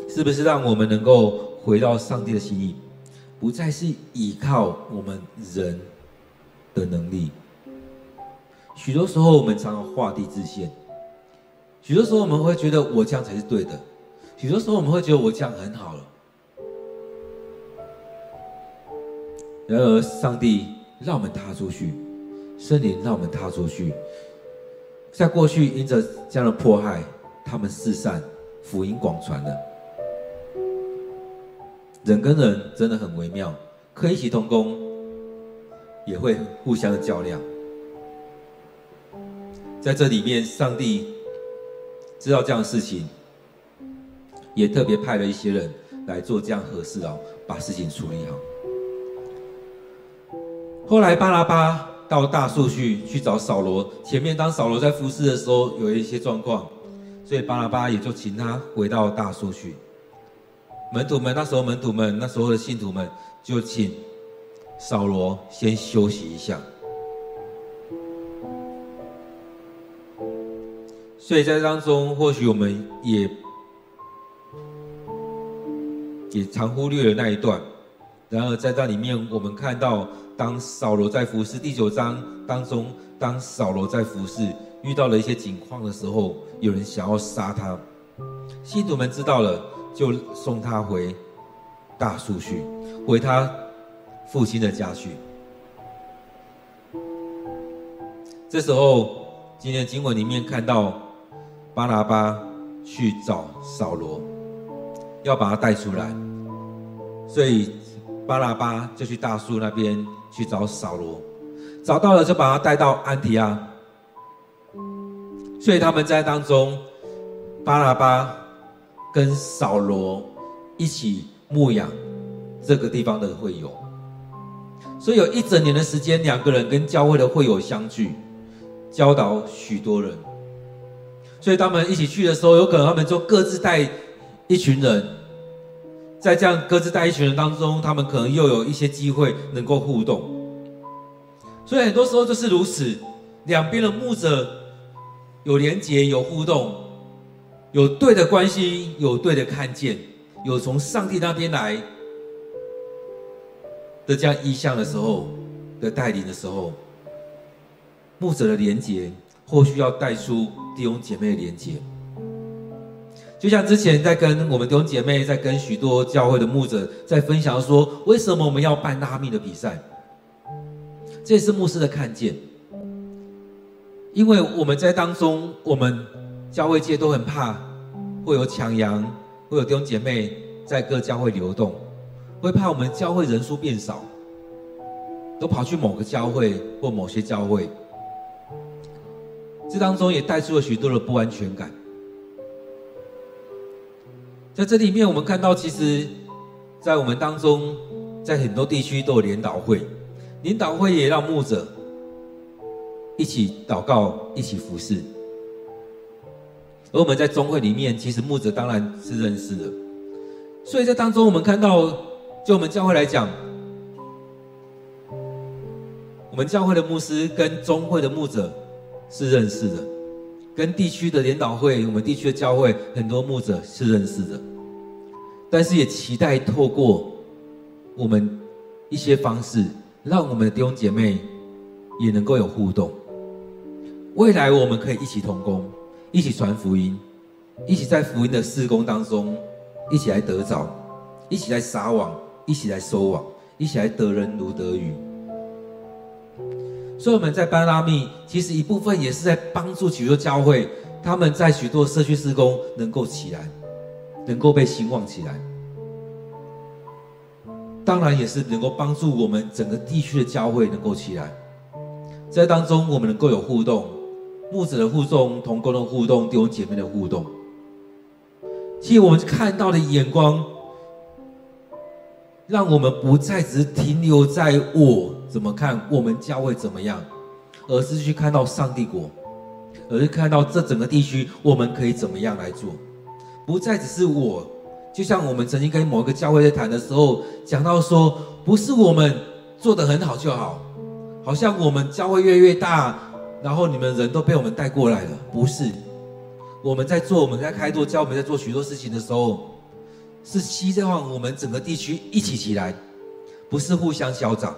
是不是讓我們能夠回到上帝的心意，不再是依靠我們人的能力？許多時候我們常常畫地自限，許多時候我們會覺得我這樣才是對的。許多時候我們會覺得我這樣很好了，然而上帝讓我們踏出去，聖靈讓我們踏出去，在過去因着這樣的迫害，他們四散福音廣傳了。人跟人真的很微妙，可以一起同工，也會互相的較量，在這裡面，上帝知道這樣的事情。也特別派了一些人來做這樣合適哦，把事情處理好。後來巴拉巴到大數去，去找掃羅，前面當掃羅在服侍的時候有一些狀況，所以巴拉巴也就請他回到大數去。門徒們那時候，門徒們那時候的信徒們就請掃羅先休息一下。所以在當中，或許我們也。也常忽略了那一段，然而在那裡面，我們看到當掃羅在服侍第九章當中，當掃羅在服侍遇到了一些境況的時候，有人想要殺他，信徒們知道了就送他回大數去，回他父親的家去。這時候，今天經文裡面看到巴拿巴去找掃羅。要把他帶出來，所以巴拿巴就去大數那邊去找掃羅，找到了就把他帶到安提阿。所以他們在當中，巴拿巴跟掃羅一起牧養這個地方的會友，所以有一整年的時間，兩個人跟教會的會友相聚，教導許多人。所以他們一起去的時候，有可能他們就各自帶。一群人，在這樣各自帶一群人當中，他們可能又有一些機會能夠互動。所以很多時候就是如此，兩邊的牧者有連結、有互動、有對的關係、有對的看見、有從上帝那邊來的這樣意向的時候的帶領的時候，牧者的連結，或許要帶出弟兄姐妹的連結。就像之前在跟我們弟兄姐妹，在跟許多教會的牧者在分享說，為什麼我們要辦拉密的比賽？這也是牧師的看見，因為我們在當中，我們教會界都很怕會有搶羊，會有弟兄姐妹在各教會流動，會怕我們教會人數變少，都跑去某個教會或某些教會，這當中也帶出了許多的不安全感。那這裡面我們看到，其實，在我們當中，在很多地區都有聯禱會，聯禱會也讓牧者一起禱告、一起服侍。而我們在中會裡面，其實牧者當然是認識的。所以在當中，我們看到，就我們教會來講，我們教會的牧師跟中會的牧者是認識的。跟地區的聯禱會，我們地區的教會很多牧者是認識的，但是也期待透過我們一些方式，讓我們的弟兄姐妹也能夠有互動。未來我們可以一起同工，一起傳福音，一起在福音的事工當中，一起來得著，一起來撒網，一起來收網，一起來得人如得魚。所以我們在班拉密，其實一部分也是在幫助許多教會，他們在許多社區施工能夠起來，能夠被興旺起來。當然也是能夠幫助我們整個地區的教會能夠起來。在當中，我們能夠有互動，牧者的互動，同工的互動，弟兄姐妹的互動。其實我們看到的眼光，讓我們不再只是停留在我。怎麼看我們教會怎麼樣，而是去看到上帝國，而是看到這整個地區我們可以怎麼樣來做，不再只是我。就像我們曾經跟某一個教會在談的時候，講到說，不是我們做得很好就好，好像我們教會越來越大，然後你們人都被我們帶過來了，不是。我們在做，我們在開拓教，我們在做許多事情的時候，是期待我們整個地區一起起來，不是互相消長。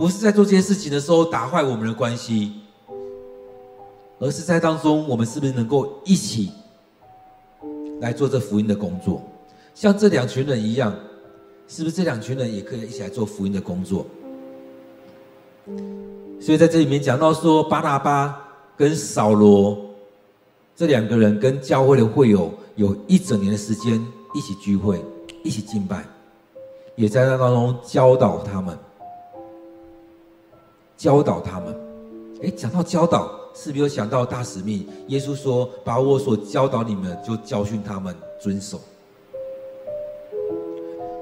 不是在做這些事情的時候打壞我們的關係，而是在當中我們是不是能夠一起來做這福音的工作？像這兩群人一樣，是不是這兩群人也可以一起來做福音的工作？所以在這裡面講到說，巴拿巴跟掃羅這兩個人跟教會的會友有一整年的時間一起聚會、一起敬拜，也在那當中教導他們。教導他們，哎，講到教導，是不是又想到大使命？耶穌說：“把我所教導你們，就教訓他們遵守。”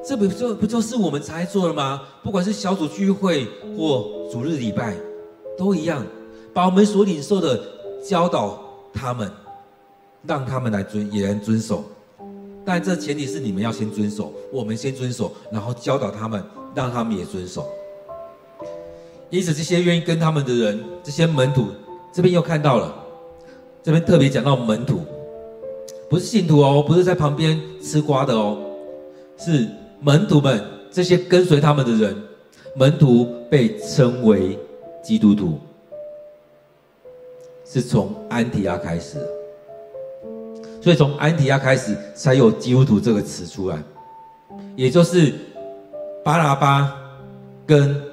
這不就不就是我們才做的嗎？不管是小組聚會或主日禮拜，都一樣，把我們所領受的教導他們，讓他們來遵也來遵守。但這前提是你們要先遵守，我們先遵守，然後教導他們，讓他們也遵守。因此，這些願意跟他們的人，這些門徒，這邊又看到了，這邊特別講到門徒，不是信徒哦，不是在旁邊吃瓜的哦，是門徒們這些跟隨他們的人。門徒被稱為基督徒，是從安提阿開始，所以從安提阿開始才有基督徒這個詞出來，也就是巴拉巴跟。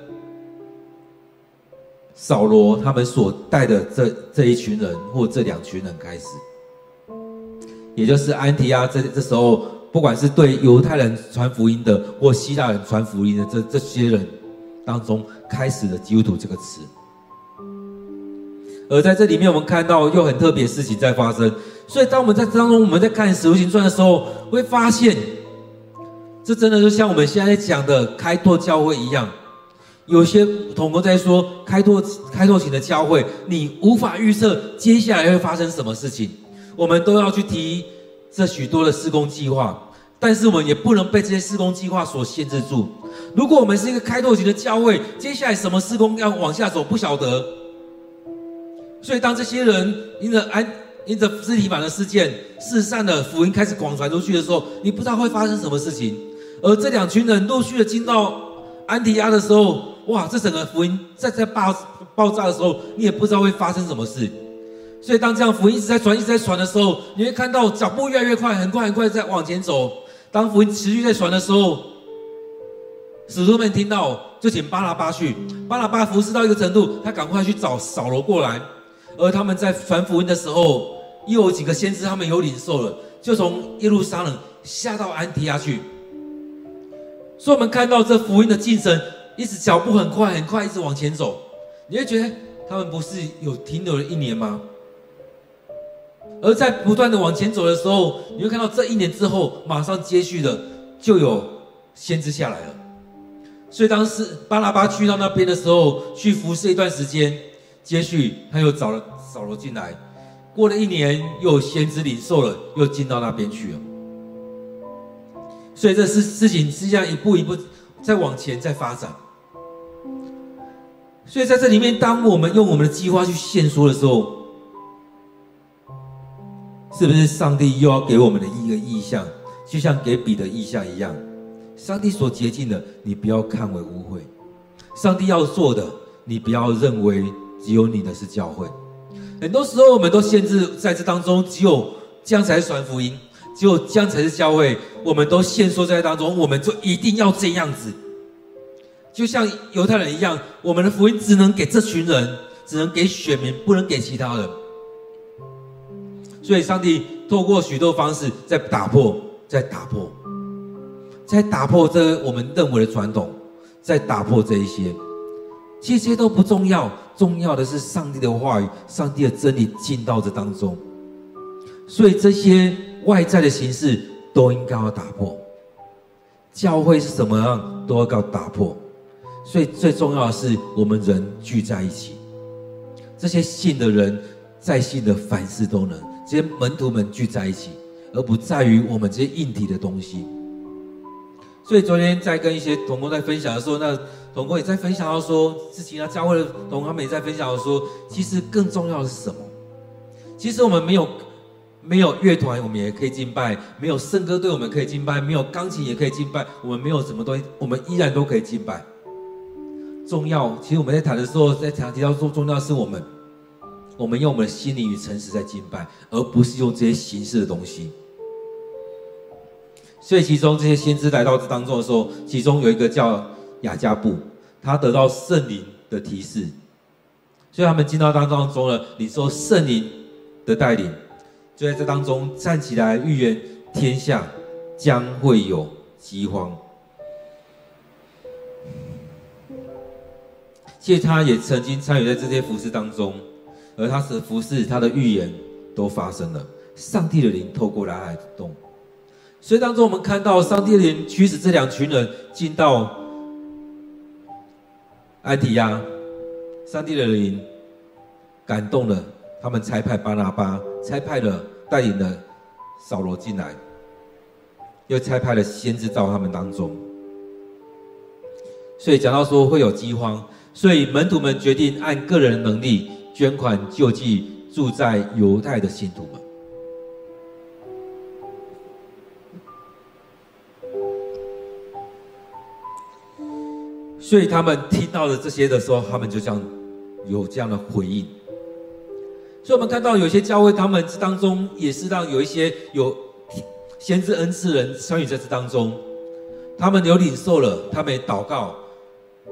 掃羅他們所帶的這這一群人，或這兩群人開始，也就是安提阿這這時候，不管是對猶太人傳福音的，或希臘人傳福音的這這些人當中，開始了基督徒這個詞。而在這裡面，我們看到又很特別的事情在發生。所以，當我們在當中，我們在看《使徒行傳》的時候，會發現，這真的就像我們現在講的開拓教會一樣。有些同工在說開拓開拓型的教會，你無法預測接下來會發生什麼事情。我們都要去提這許多的事工計劃，但是我們也不能被這些事工計劃所限制住。如果我們是一個開拓型的教會，接下來什麼事工要往下走不曉得。所以當這些人因着安因着肢體版的事件，四散的福音開始廣傳出去的時候，你不知道會發生什麼事情。而這兩群人陸續的進到安提阿的時候。哇！這整個福音在在爆爆炸的時候，你也不知道會發生什麼事。所以，當這樣福音一直在傳、一直在傳的時候，你會看到腳步越來越快，很快很快在往前走。當福音持續在傳的時候，使徒們聽到，就請巴拉巴去，巴拉巴服侍到一個程度，他趕快去找掃羅過來。而他們在傳福音的時候，又有幾個先知他們有領受了，就從耶路撒冷下到安提阿去。所以，我們看到這福音的進程。一直腳步很快，很快一直往前走，你會覺得他們不是有停留了一年嗎？而在不斷的往前走的時候，你會看到這一年之後，馬上接續的就有先知下來了。所以當時巴拿巴去到那邊的時候，去服侍一段時間，接續他又找了找了進來，過了一年又有先知領受了，又進到那邊去了。所以這事事情實際上一步一步在往前在發展。所以在這裡面，當我們用我們的計劃去限縮的時候，是不是上帝又要給我們的一個異象，就像給彼得異象一樣？上帝所潔淨的，你不要看為污穢，上帝要做的，你不要認為只有你的是教會。很多時候，我們都限制在這當中，只有這樣才是傳福音，只有這樣才是教會。我們都限縮在當中，我們就一定要這樣子。就像猶太人一樣，我們的福音只能給這群人，只能給選民，不能給其他人。所以，上帝透過許多方式在打破，在打破，在打破這我們認為的傳統，在打破這一些。這些都不重要，重要的是上帝的話語、上帝的真理進到這當中。所以，這些外在的形式都應該要打破。教會是什麼樣，都要搞打破。所以最重要的是，我們人聚在一起，這些信的人，在信的凡事都能。這些門徒們聚在一起，而不在於我們這些硬體的東西。所以昨天在跟一些同工在分享的時候，那同工也在分享到說，之前啊，教會的同工他們也在分享到說，其實更重要的是什麼？其實我們沒有沒有樂團，我們也可以敬拜；沒有聖歌隊，我們可以敬拜；沒有鋼琴，也可以敬拜。我們沒有什麼東西，我們依然都可以敬拜。重要，其實我們在談的時候，在談提到說，重要的是我們，我們用我們的心靈與誠實在敬拜，而不是用這些形式的東西。所以，其中這些先知來到這當中的時候，其中有一個叫亞迦布，他得到聖靈的提示，所以他們進到當當中了，你說聖靈的帶領，就在這當中站起來預言天下將會有饑荒。其實他也曾經參與在這些服事當中，而他的服事，他的預言都發生了。上帝的靈透過了來感動，所以當中我們看到上帝的靈驅使這兩群人進到安提亞，上帝的靈感動了他們，差派巴拿巴，差派了帶領了掃羅進來，又差派了先知到他們當中。所以講到說會有饑荒。所以門徒們決定按個人的能力捐款救濟住在猶太的信徒們。所以他們聽到了這些的時候，他們就像有這樣的回應。所以我們看到有些教會，他們當中也是讓有一些有先知恩賜人參與在這當中，他們有領受了，他們也禱告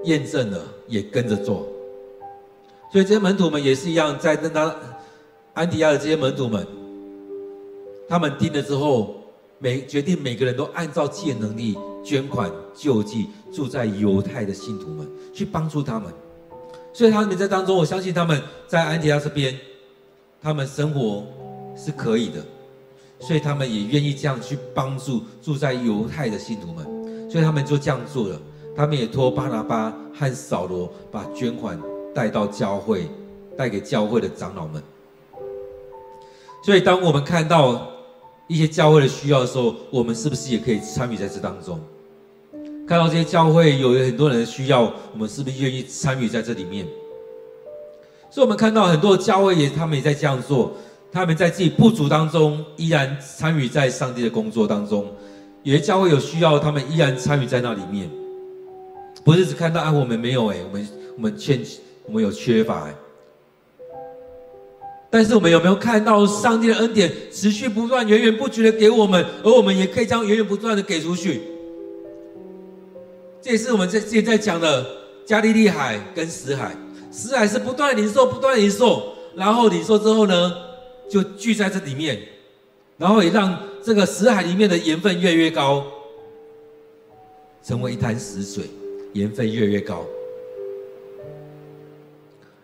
驗證了。也跟着做，所以這些門徒們也是一樣，在那當，安提阿的這些門徒們，他們聽了之後，每決定每個人都按照自己的能力捐款救濟住在猶太的信徒們，去幫助他們。所以他們在當中，我相信他們在安提阿這邊，他們生活是可以的，所以他們也願意這樣去幫助住在猶太的信徒們，所以他們就這樣做了。他們也托巴拿巴和掃羅把捐款帶到教會，帶給教會的長老們。所以，當我們看到一些教會的需要的時候，我們是不是也可以參與在這當中？看到這些教會有很多人的需要，我們是不是願意參與在這裡面？所以，我們看到很多教會也他們也在這樣做，他們在自己不足當中依然參與在上帝的工作當中。有些教會有需要，他們依然參與在那裡面。不是只看到啊，我們沒有誒、欸，我們我們欠，我們有缺乏誒、欸，但是我們有沒有看到上帝的恩典持續不斷、源源不絕的給我們？而我們也可以將源源不斷的給出去。這也是我們在現在講的加利利海跟死海。死海是不斷領受、不斷領受，然後領受之後呢，就聚在這裡面，然後也讓這個死海裡面的鹽分越來越高，成為一灘死水。鹽分越來越高。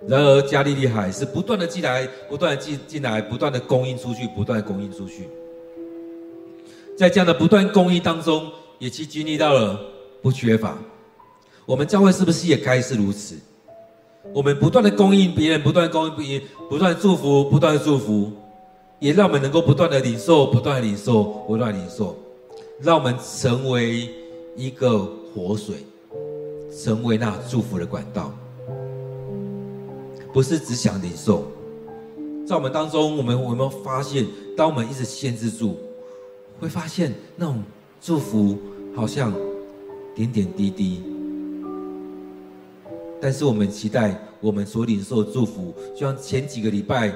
然而，加利利海是不斷的進來，不斷的進進來，不斷的供應出去，不斷的供應出去。在這樣的不斷供應當中，也去經歷到了不缺乏。我們教會是不是也該是如此？我們不斷的供應別人，不斷供應，不斷祝福，不斷祝福，也讓我們能夠不斷的領受，不斷的領受，不斷的領受，讓我們成為一個活水。成為那祝福的管道，不是只想領受。在我們當中，我們有沒有發現，當我們一直限制住，會發現那種祝福好像點點滴滴，但是我們期待我們所領受的祝福，就像前幾個禮拜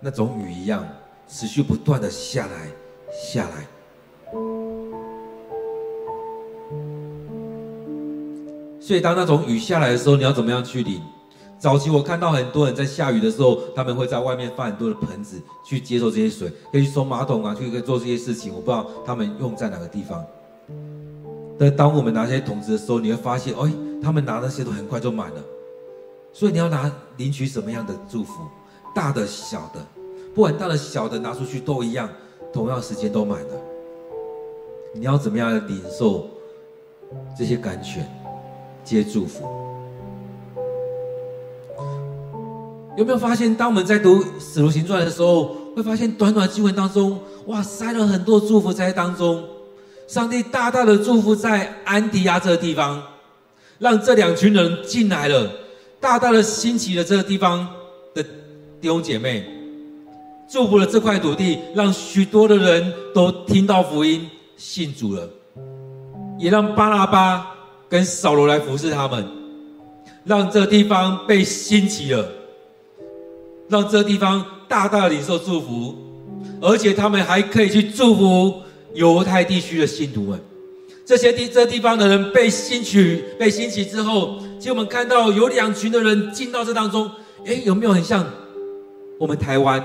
那種雨一樣，持續不斷的下來，下來。所以當那種雨下來的時候，你要怎麼樣去淋？早期我看到很多人在下雨的時候，他們會在外面放很多的盆子去接受這些水，可以去收馬桶啊，去可以做這些事情。我不知道他們用在哪個地方。但是當我們拿這些桶子的時候，你會發現，哎，他們拿的那些都很快就滿了。所以你要拿領取什麼樣的祝福？大的、小的，不管大的小的拿出去都一樣，同樣的時間都滿了。你要怎麼樣的領受這些感覺？接祝福，有沒有發現？當我們在讀《使徒行傳》的時候，會發現短短的經文當中，哇塞，了很多祝福在當中。上帝大大的祝福在安提阿這個地方，讓這兩群人進來了，大大的興起了這個地方的弟兄姐妹，祝福了這塊土地，讓許多的人都聽到福音，信主了，也讓巴拉巴，跟掃羅來服侍他們，讓這地方被興起了，讓這地方大大地領受祝福，而且他們還可以去祝福猶太地區的信徒們。這些地這地方的人被興起被興起之後，其實我們看到有兩群的人進到這當中，誒，有沒有很像我們台灣？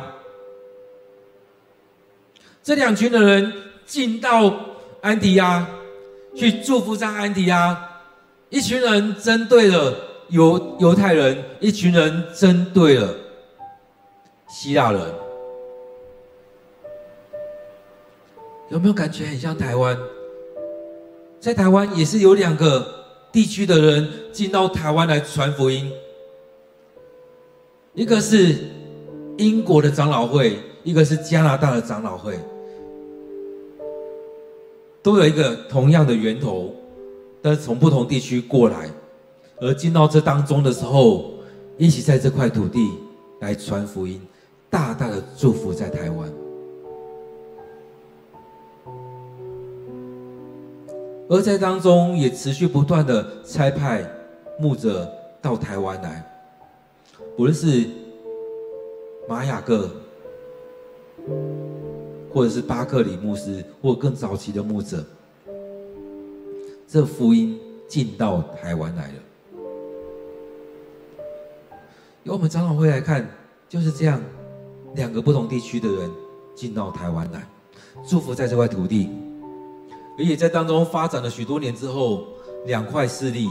這兩群的人進到安提阿去祝福在安提阿。一群人針對了猶猶太人，一群人針對了希臘人，有沒有感覺很像台灣？在台灣也是有兩個地區的人進到台灣來傳福音，一個是英國的長老會，一個是加拿大的長老會，都有一個同樣的源頭。但是從不同地區過來，而進到這當中的時候，一起在這塊土地來傳福音，大大的祝福在台灣。而在當中也持續不斷的差派牧者到台灣來，無論是馬雅各，或者是巴克禮牧師，或更早期的牧者。這個福音進到台灣來了，由我們長老會來看，就是這樣，兩個不同地區的人進到台灣來，祝福在這塊土地，而且在當中發展了許多年之後，兩塊勢力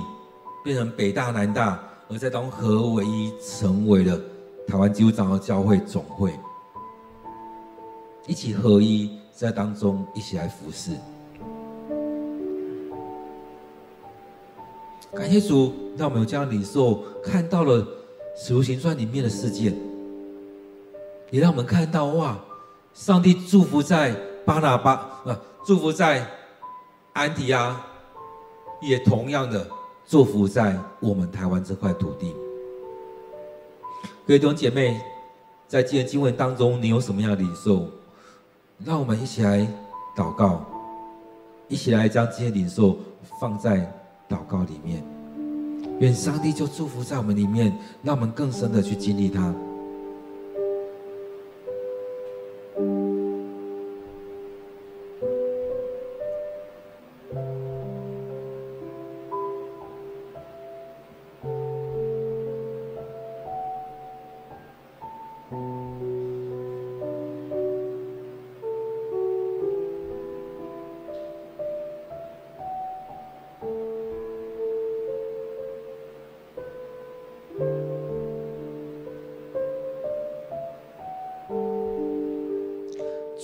變成北大南大，而在當中合為一，成為了台灣基督長老教會總會，一起合一，在當中一起來服侍。感謝主，讓我們有這樣的領受，看到了《使徒行傳》裡面的事件，也讓我們看到哇，上帝祝福在巴拿巴，啊，祝福在安提阿，也同樣的祝福在我們台灣這塊土地。各位弟兄姐妹，在今天經文當中，你有什麼樣的領受？讓我們一起來禱告，一起來將這些領受放在。禱告裡面，願上帝就祝福在我們裡面，讓我們更深的去經歷祂。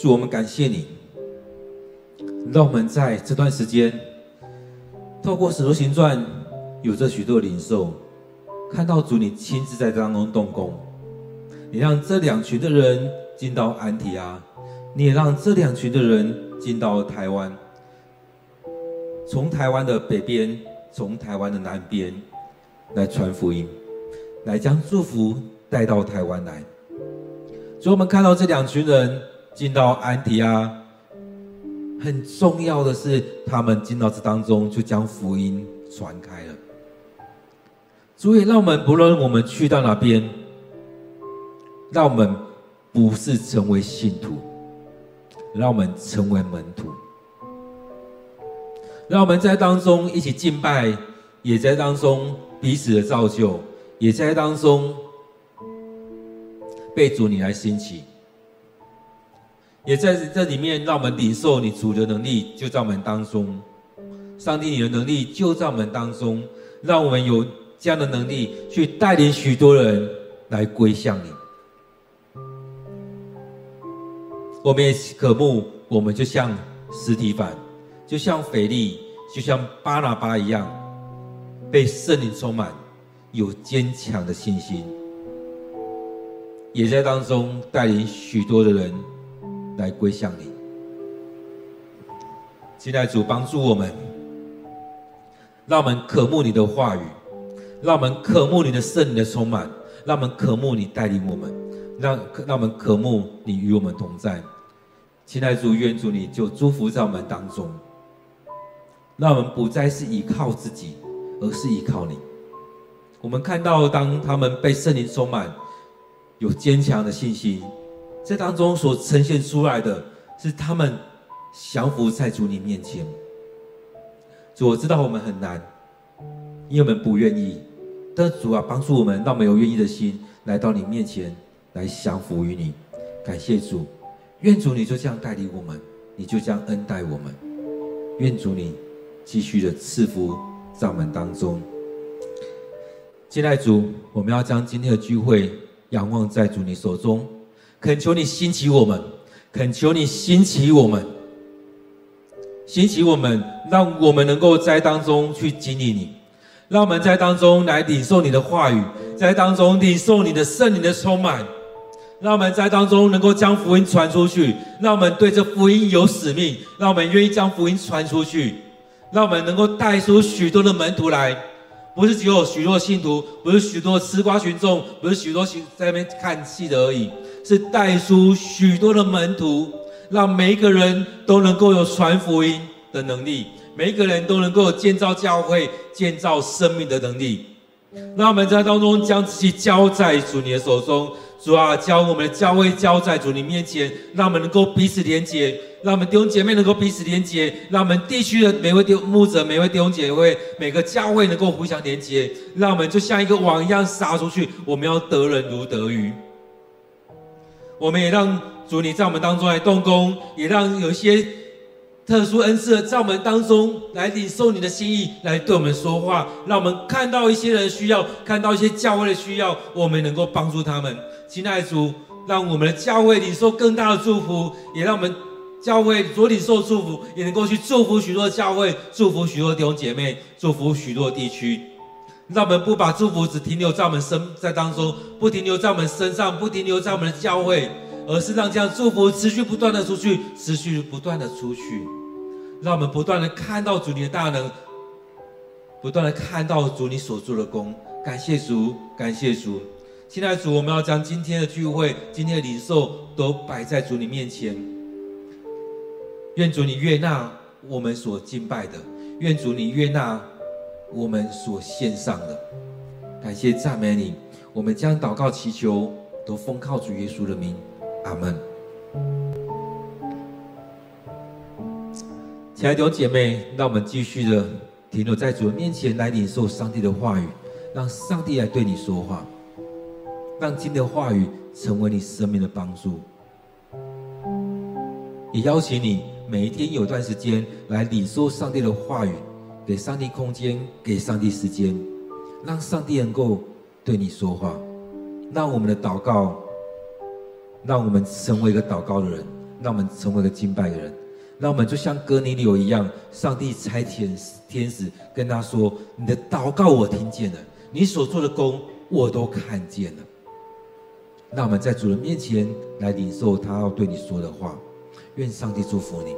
主，我們感謝你，讓我們在這段時間透過《使徒行傳》，有着許多的領受，看到主你親自在這當中動工。你讓這兩群的人進到安提阿，你也讓這兩群的人進到台灣，從台灣的北邊，從台灣的南邊來傳福音，來將祝福帶到台灣來。所以我們看到這兩群人。進到安提阿，很重要的是，他們進到這當中，就將福音傳開了。所以讓我們不論我們去到哪邊，讓我們不是成為信徒，讓我們成為門徒，讓我們在當中一起敬拜，也在當中彼此的造就，也在當中被主你來興起。也在這裡面，讓我們領受你主的能力就在我們當中。上帝，你的能力就在我們當中，讓我們有這樣的能力去帶領許多的人來歸向你。我們也渴慕，我們就像司提反，就像腓力，就像巴拿巴一樣，被聖靈充滿，有堅強的信心，也在當中帶領許多的人來歸向你，親愛主，幫助我們，讓我們渴慕你的話語，讓我們渴慕你的聖靈的充滿，讓我們渴慕你帶領我們，讓讓我們渴慕你與我們同在。親愛主，願主你就祝福在我們當中，讓我們不再是依靠自己，而是依靠你。我們看到，當他們被聖靈充滿，有堅強的信心。這當中所呈現出來的是他們降服在主你面前。主，我知道我們很難，因為我們不願意，但主啊，幫助我們讓沒有願意的心來到你面前來降服於你。感謝主，願主你就這樣帶領我們，你就這樣恩待我們。願主你繼續的賜福在我門當中。接待主，我們要將今天的聚會仰望在主你手中。懇求你興起我們，懇求你興起我們，興起我們，讓我們能夠在當中去經歷你，讓我們在當中來領受你的話語，在當中領受你的聖靈的充滿，讓我們在當中能夠將福音傳出去，讓我們對這福音有使命，讓我們願意將福音傳出去，讓我們能夠帶出許多的門徒來，不是只有許多信徒，不是許多吃瓜群眾，不是許多在那邊看戲的而已。是帶出許多的門徒，讓每一個人都能夠有傳福音的能力，每一個人都能夠建造教會、建造生命的能力。那、嗯、我們在當中將自己交在主你的手中，主啊，將我們的教會交在主你面前，讓我們能夠彼此連接，讓我們弟兄姐妹能夠彼此連接，讓我們地區的每位弟兄牧者、每位弟兄姐妹、每個教會能夠互相連接，讓我們就像一個網一樣撒出去，我們要得人如得魚。我們也讓主你在我們當中來動工，也讓有一些特殊恩賜的在我們當中來領受你的心意，來對我們說話，讓我們看到一些人的需要，看到一些教會的需要，我們也能夠幫助他們。親愛的主，讓我們的教會領受更大的祝福，也讓我們教會所領受的祝福，也能夠去祝福許多的教會，祝福許多的弟兄姐妹，祝福許多的地區。讓我們不把祝福只停留在我們身在當中，不停留在我們身上，不停留在我們的教會，而是讓這樣祝福持續不斷的出去，持續不斷的出去，讓我們不斷的看到主你的大能，不斷的看到主你所做的工，感謝主，感謝主。現在主，我們要將今天的聚會、今天的領受都擺在主你面前，願主你悅納我們所敬拜的，願主你悅納，我們所獻上的，感謝讚美你。我們將禱告祈求，都奉靠主耶穌的名，阿門。親愛的姐妹，讓我們繼續的停留在主的面前，來領受上帝的話語，讓上帝來對你說話，讓今天的話語成為你生命的幫助。也邀請你每一天有一段時間來領受上帝的話語。給上帝空間，給上帝時間，讓上帝能夠對你說話，讓我們的禱告，讓我們成為一個禱告的人，讓我們成為一個敬拜的人，讓我們就像哥尼流一樣，上帝差遣天使跟他說：“你的禱告我聽見了，你所做的功我都看見了。”讓我們在主人面前來領受他要對你說的話，願上帝祝福你。